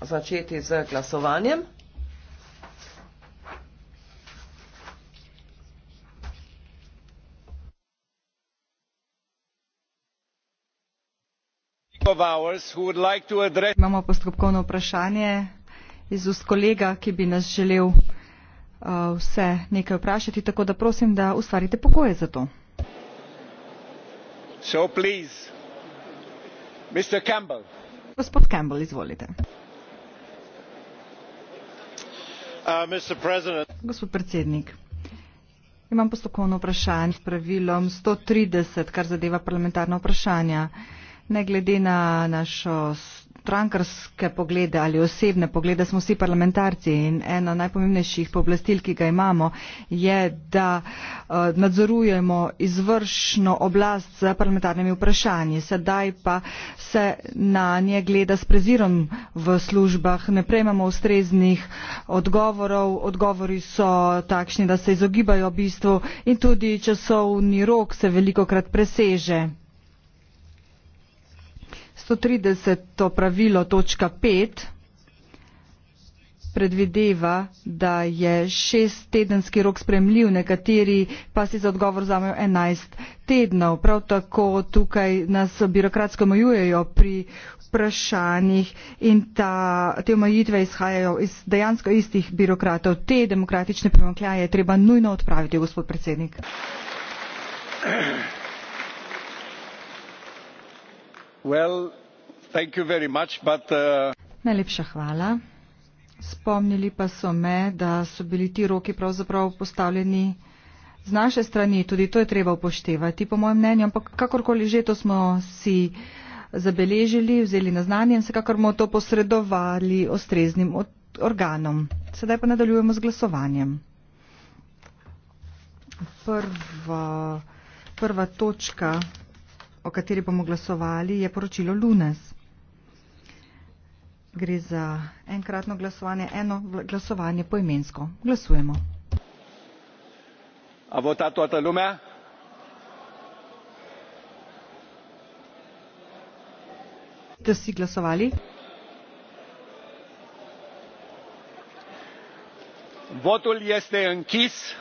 začeti z glasovanjem. Imamo postopkovno vprašanje iz ust kolega, ki bi nas želel uh, vse nekaj vprašati, tako da prosim, da ustvarite pogoje za to. So, prosim, gospod Campbell, izvolite. Uh, Gospod predsednik, imam postopkovno vprašanje s pravilom 130, kar zadeva parlamentarna vprašanja. Ne glede na našo strankarske poglede ali osebne poglede, smo vsi parlamentarci in ena najpomembnejših pooblastil, ki ga imamo, je, da eh, nadzorujemo izvršno oblast z parlamentarnimi vprašanji. Sedaj pa se na nje gleda s prezirom v službah, ne prejmemo ustreznih odgovorov, odgovori so takšni, da se izogibajo bistvu in tudi časovni rok se veliko krat preseže. 130. pravilo točka 5 predvideva, da je šest tedenski rok spremljiv, nekateri pa si za odgovor vzamejo 11 tednov. Prav tako tukaj nas birokratsko omejujejo pri vprašanjih in ta, te omejitve izhajajo iz dejansko istih birokratov. Te demokratične primankljaje je treba nujno odpraviti, gospod predsednik. Well, Uh, Najlepša hvala. Spomnili pa so me, da so bili ti roki pravzaprav postavljeni z naše strani. Tudi to je treba upoštevati, po mojem mnenju. Ampak kakorkoli že to smo si zabeležili, vzeli na znanje in vsekakor bomo to posredovali ostreznim organom. Sedaj pa nadaljujemo z glasovanjem. Prva, prva točka, o kateri bomo glasovali, je poročilo Lunes. Gre za enkratno glasovanje, eno glasovanje poimensko. Glasujemo. A vota toată lumea? Ste si glasovali? Votul este închis.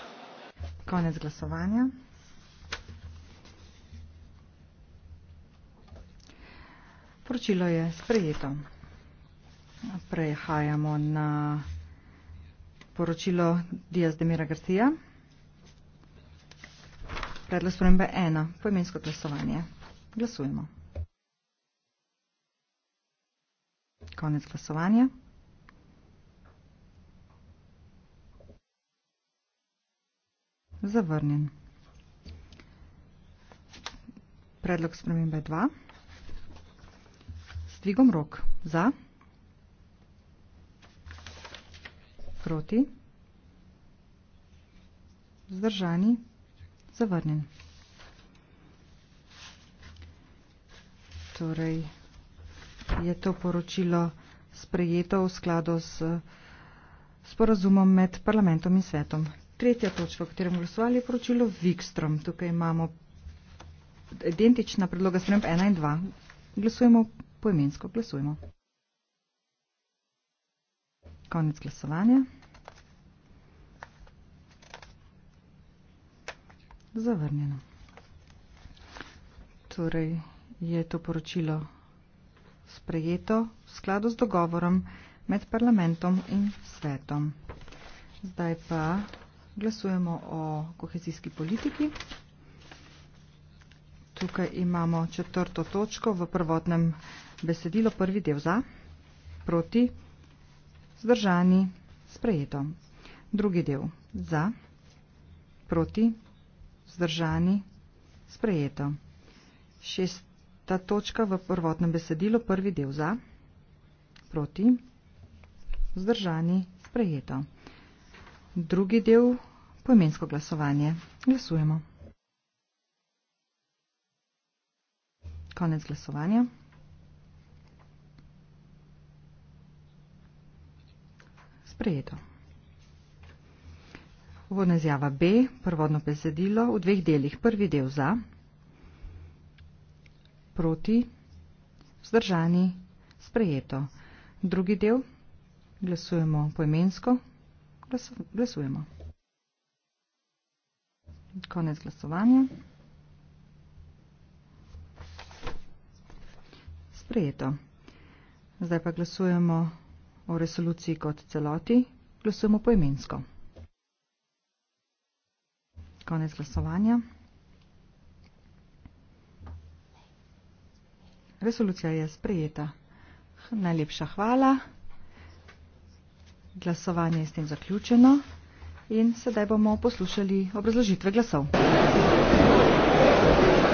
Konec glasovanja. Poročilo je sprejeto. Prehajamo na poročilo Diaz de Mira Garcia. Predlog spremembe 1. Poimensko glasovanje. Glasujemo. Konec glasovanja. Zavrnjen. Predlog spremembe 2. S dvigom rok. Za. proti, zdržani, zavrnjen. Torej je to poročilo sprejeto v skladu s sporazumom med parlamentom in svetom. Tretja točka, o katerem glasovali, je poročilo Vikstrom. Tukaj imamo identična predloga sprem 1 in 2. Glasujemo poimensko, glasujemo konec glasovanja. Zavrnjeno. Torej je to poročilo sprejeto v skladu z dogovorom med parlamentom in svetom. Zdaj pa glasujemo o kohezijski politiki. Tukaj imamo četrto točko v prvotnem besedilo, prvi del za, proti, Zdržani. Sprejeto. Drugi del. Za. Proti. Zdržani. Sprejeto. Šesta točka v prvotnem besedilu. Prvi del. Za. Proti. Zdržani. Sprejeto. Drugi del. Poimensko glasovanje. Glasujemo. Konec glasovanja. sprejeto. Uvodna izjava B, prvodno besedilo v dveh delih. Prvi del za, proti, vzdržani, sprejeto. Drugi del, glasujemo poimensko, glasujemo. Konec glasovanja. Sprejeto. Zdaj pa glasujemo o resoluciji kot celoti, glasujemo poimensko. Konec glasovanja. Resolucija je sprejeta. Najlepša hvala. Glasovanje je s tem zaključeno in sedaj bomo poslušali obrazložitve glasov. Thank you.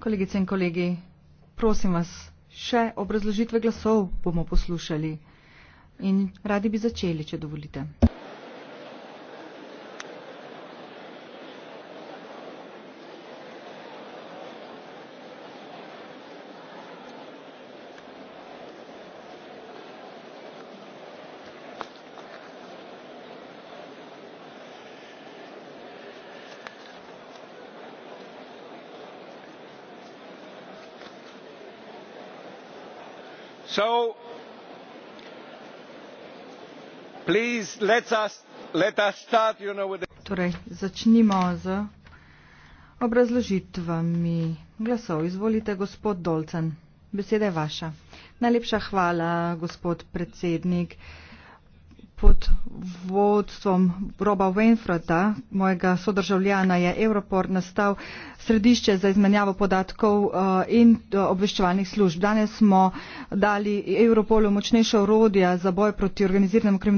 kolegice in kolegi prosim vas še obrazložitve glasov bomo poslušali in radi bi začeli če dovolite. so please let us let us start you know with torej začnimo z obrazložitvami glasov izvolite gospod dolcen beseda je vaša najlepša hvala gospod predsednik vodstvom Roba Wainfrata, mojega sodržavljana, je Europol nastal središče za izmenjavo podatkov eh, in eh, obveščevalnih služb. Danes smo dali Europolu močnejša orodja za boj proti organiziranemu kriminalu.